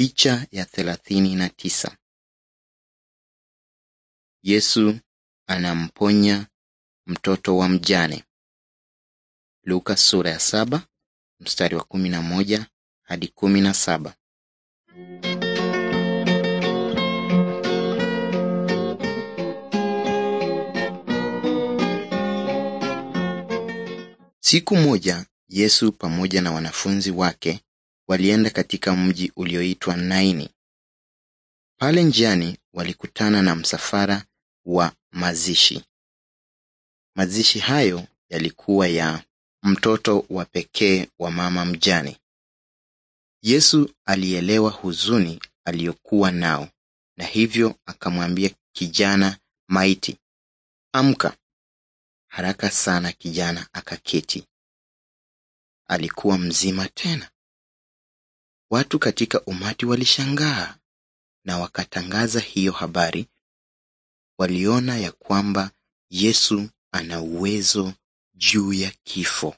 Picha ya thelathini na tisa. Yesu anamponya mtoto wa mjane. Luka sura ya saba mstari wa kumi na moja hadi kumi na saba. Siku moja Yesu pamoja na wanafunzi wake walienda katika mji ulioitwa Naini. Pale njiani walikutana na msafara wa mazishi. Mazishi hayo yalikuwa ya mtoto wa pekee wa mama mjane. Yesu alielewa huzuni aliyokuwa nao na hivyo akamwambia kijana maiti, amka. Haraka sana kijana akaketi. Alikuwa mzima tena. Watu katika umati walishangaa na wakatangaza hiyo habari. Waliona ya kwamba Yesu ana uwezo juu ya kifo.